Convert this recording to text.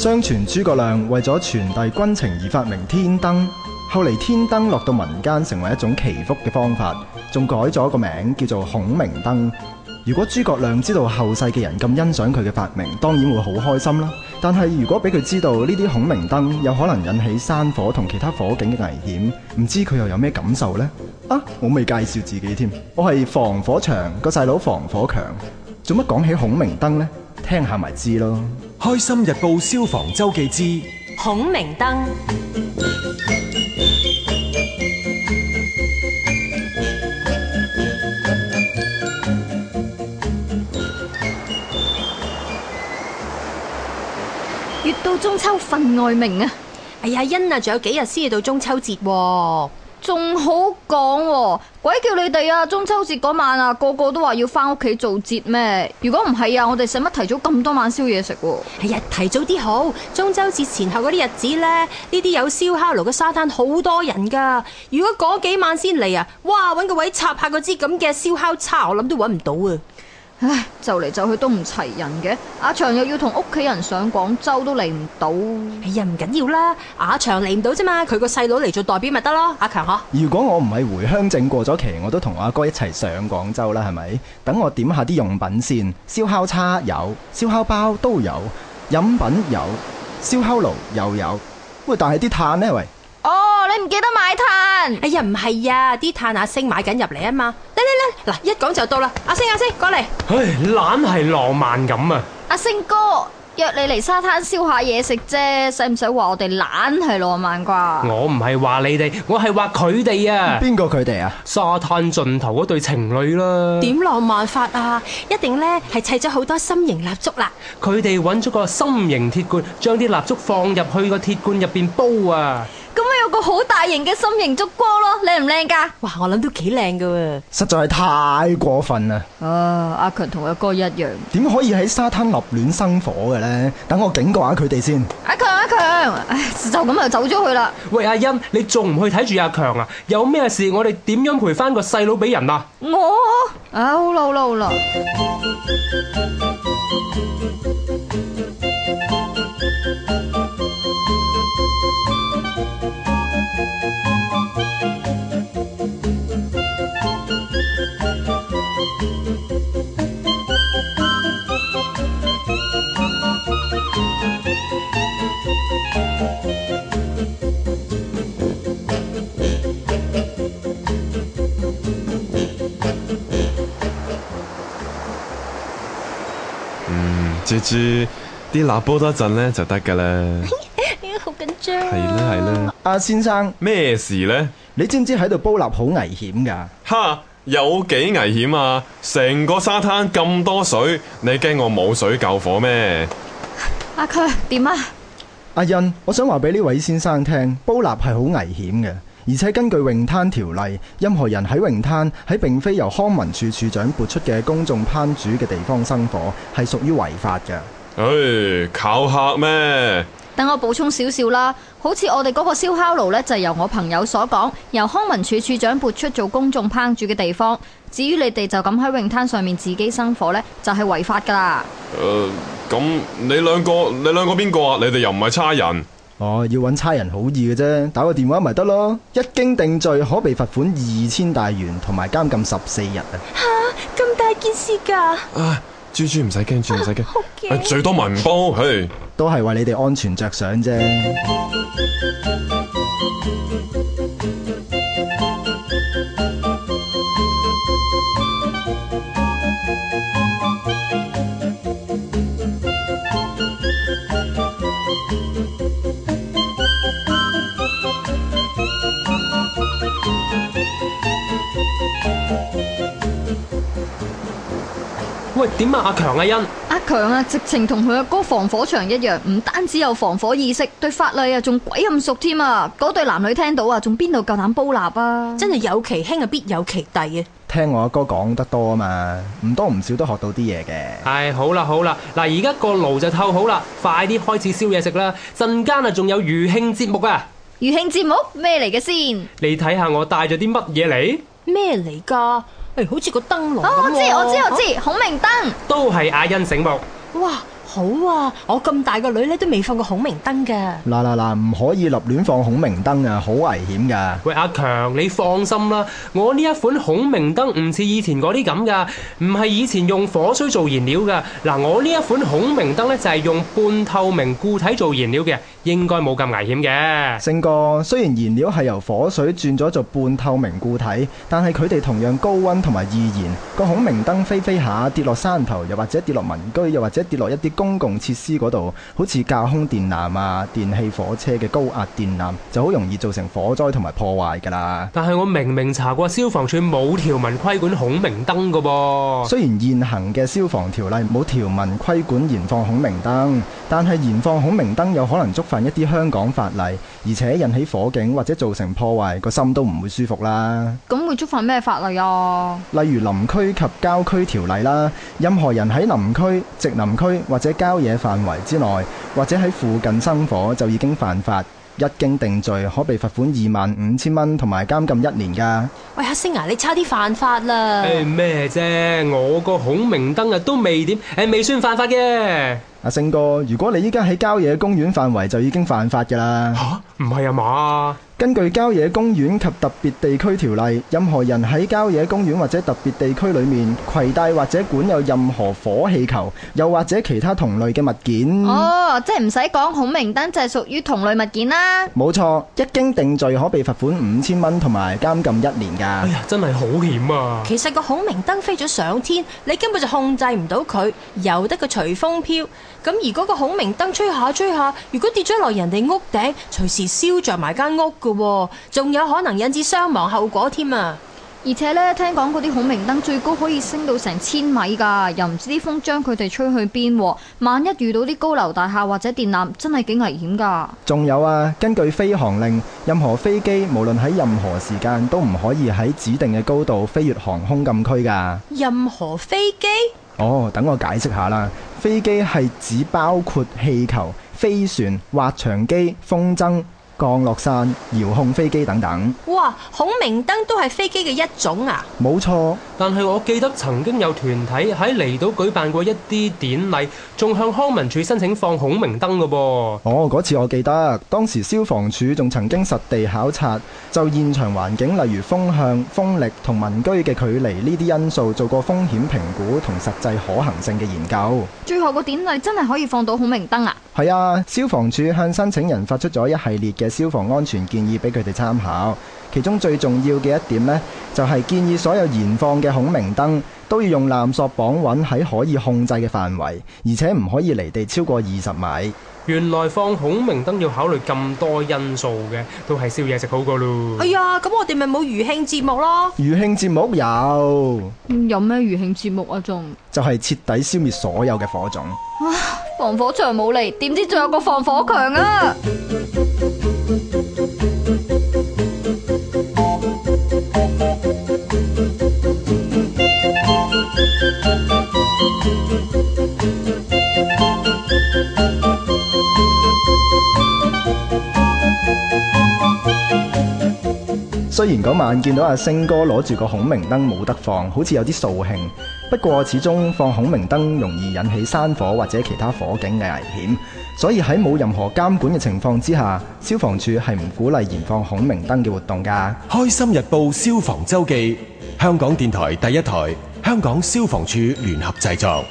相傳諸葛亮為咗傳遞軍情而發明天燈，後嚟天燈落到民間成為一種祈福嘅方法，仲改咗個名叫做孔明燈。如果諸葛亮知道後世嘅人咁欣賞佢嘅發明，當然會好開心啦。但係如果俾佢知道呢啲孔明燈有可能引起山火同其他火警嘅危險，唔知佢又有咩感受呢？啊，我未介紹自己添，我係防火牆個細佬，弟弟防火牆。做乜講起孔明燈咧？聽下咪知咯。開心日報消防周記之孔明燈。月到中秋分外明啊！哎呀，恩啊，仲有幾日先至到中秋節。仲好講喎、哦，鬼叫你哋啊！中秋節嗰晚啊，個個都話要返屋企做節咩？如果唔係啊，我哋使乜提早咁多晚燒嘢食？係啊、哎，提早啲好。中秋節前後嗰啲日子呢，呢啲有燒烤爐嘅沙灘好多人噶。如果嗰幾晚先嚟啊，哇！搵個位插下嗰支咁嘅燒烤叉，我諗都搵唔到啊！唉，就嚟就去都唔齊人嘅，阿強又要同屋企人上廣州都嚟唔到。哎呀，唔緊要啦，阿強嚟唔到啫嘛，佢個細佬嚟做代表咪得咯，阿強嗬。如果我唔係回鄉證過咗期，我都同阿哥一齊上廣州啦，係咪？等我點下啲用品先，燒烤叉有，燒烤包都有，飲品有，燒烤爐又有。喂，但係啲炭呢？喂。哦，你唔記得買炭？哎呀，唔係呀，啲炭阿星買緊入嚟啊嘛。嗱，一講就到啦！阿星阿星，過嚟。唉，懶係浪漫咁啊！阿星哥約你嚟沙灘燒下嘢食啫，使唔使話我哋懶係浪漫啩？我唔係話你哋，我係話佢哋啊！邊個佢哋啊？沙灘盡頭嗰對情侶啦。點浪漫法啊？一定呢係砌咗好多心形蠟燭啦。佢哋揾咗個心形鐵罐，將啲蠟燭放入去個鐵罐入邊煲啊！好大型嘅心形燭光咯，靚唔靚噶？哇，我諗都幾靚噶，實在係太過分啦！啊，阿強同我哥一樣，點可以喺沙灘立亂生火嘅咧？等我警告下佢哋先。阿強，阿強，唉，就咁就走咗去啦！喂，阿欣，你仲唔去睇住阿強啊？有咩事？我哋點樣賠翻個細佬俾人啊？我啊，好惱怒啦！嗯，接住啲蠟煲多一陣咧就得噶啦。呢個、哎、好緊張、啊。係呢？係呢？阿先生咩事呢？你知唔知喺度煲蠟好危險噶？哈，有幾危險啊？成個沙灘咁多水，你驚我冇水救火咩？阿佢，點啊？阿欣，我想話俾呢位先生聽，煲蠟係好危險嘅。而且根據泳灘條例，任何人喺泳灘喺並非由康文署署長撥出嘅公眾烹煮嘅地方生火，係屬於違法嘅。唉、哎，考客咩？等我補充少少啦。好似我哋嗰個燒烤爐呢，就係由我朋友所講，由康文署署長撥出做公眾烹煮嘅地方。至於你哋就咁喺泳灘上面自己生火呢，就係違法㗎喇。誒、呃，咁你兩個你兩個邊個啊？你哋又唔係差人？哦，要揾差人好易嘅啫，打個電話咪得咯。一經定罪，可被罰款二千大元，同埋監禁十四日啊！嚇，咁大件事㗎！唉、啊，豬豬唔使驚住，唔使驚，最多咪唔報，係都係為你哋安全着想啫。 喂，點啊？阿強啊，欣，阿強啊，直情同佢阿哥防火牆一樣，唔單止有防火意識，對法例啊，仲鬼咁熟添啊！嗰對男女聽到啊，仲邊度夠膽煲蠟啊？真係有其兄啊，必有其弟啊！聽我阿哥講得多啊嘛，唔多唔少都學到啲嘢嘅。係好啦，好啦，嗱，而家個爐就透好啦，快啲開始燒嘢食啦！陣間啊，仲有餘興節目啊！餘興節目咩嚟嘅先？你睇下我帶咗啲乜嘢嚟？咩嚟噶？誒、哎，好似個燈籠咁啊！我知我知我知，哦、孔明燈都係阿欣醒目。哇！好啊！我咁大個女咧都未放過孔明燈嘅。嗱嗱嗱，唔可以立亂放孔明燈啊，好危險噶。喂，阿強，你放心啦，我呢一款孔明燈唔似以前嗰啲咁噶，唔係以前用火水做燃料噶。嗱，我呢一款孔明燈呢就係用半透明固體做燃料嘅，應該冇咁危險嘅。星哥，雖然燃料係由火水轉咗做半透明固體，但係佢哋同樣高溫同埋易燃。個孔明燈飛飛下，跌落山頭，又或者跌落民居，又或者跌落一啲。公共設施嗰度，好似架空電纜啊、電氣火車嘅高壓電纜，就好容易造成火災同埋破壞噶啦。但係我明明查過消防署冇條文規管孔明燈噶噃。雖然現行嘅消防條例冇條文規管燃放孔明燈，但係燃放孔明燈有可能觸犯一啲香港法例，而且引起火警或者造成破壞，個心都唔會舒服啦。咁會觸犯咩法例啊？例如林區及郊區條例啦，任何人喺林區、植林區或者喺郊野範圍之內，或者喺附近生火就已經犯法，一經定罪，可被罰款二萬五千蚊，同埋監禁一年噶。喂，阿星啊，你差啲犯法啦！誒咩啫？我個孔明燈啊都未點，誒未算犯法嘅。阿星哥，如果你依家喺郊野公園範圍就已經犯法噶啦吓，唔係啊嘛？根據郊野公園及特別地區條例，任何人喺郊野公園或者特別地區裡面携帶或者管有任何火氣球，又或者其他同類嘅物件，哦，即係唔使講孔明燈就係屬於同類物件啦。冇錯，一經定罪，可被罰款五千蚊同埋監禁一年噶。哎呀，真係好險啊！其實個孔明燈飛咗上天，你根本就控制唔到佢，由得佢隨風飄。咁而嗰個孔明燈吹下吹下，如果跌咗落人哋屋頂，隨時燒着埋間屋噶，仲有可能引致傷亡後果添啊！而且呢，聽講嗰啲孔明燈最高可以升到成千米噶，又唔知啲風將佢哋吹去邊，萬一遇到啲高樓大廈或者電纜，真係幾危險噶。仲有啊，根據飛航令，任何飛機無論喺任何時間都唔可以喺指定嘅高度飛越航空禁區噶。任何飛機。哦，等我解釋下啦。飛機係指包括氣球、飛船、滑翔機、風箏、降落傘、遙控飛機等等。哇，孔明燈都係飛機嘅一種啊！冇錯，但係我記得曾經有團體喺離島舉辦過一啲典禮，仲向康文署申請放孔明燈嘅噃。哦，嗰次我記得，當時消防署仲曾經實地考察，就現場環境例如風向、風力同民居嘅距離呢啲因素做過風險評估同實際可行性嘅研究。最後個典禮真係可以放到孔明燈啊！係啊，消防署向申請人發出咗一系列嘅。消防安全建議俾佢哋參考，其中最重要嘅一點呢，就係建議所有燃放嘅孔明燈都要用纜索綁穩喺可以控制嘅範圍，而且唔可以離地超過二十米。原來放孔明燈要考慮咁多因素嘅，都係宵夜食好過咯。哎呀，咁我哋咪冇餘興節目咯？餘興節目有。有咩餘興節目啊？仲就係徹底消滅所有嘅火種。哇、啊，防火牆冇嚟，點知仲有個防火牆啊！之前嗰晚見到阿星哥攞住個孔明燈冇得放，好似有啲掃興。不過始終放孔明燈容易引起山火或者其他火警嘅危險，所以喺冇任何監管嘅情況之下，消防處係唔鼓勵燃放孔明燈嘅活動㗎。《開心日報．消防周記》，香港電台第一台，香港消防處聯合製作。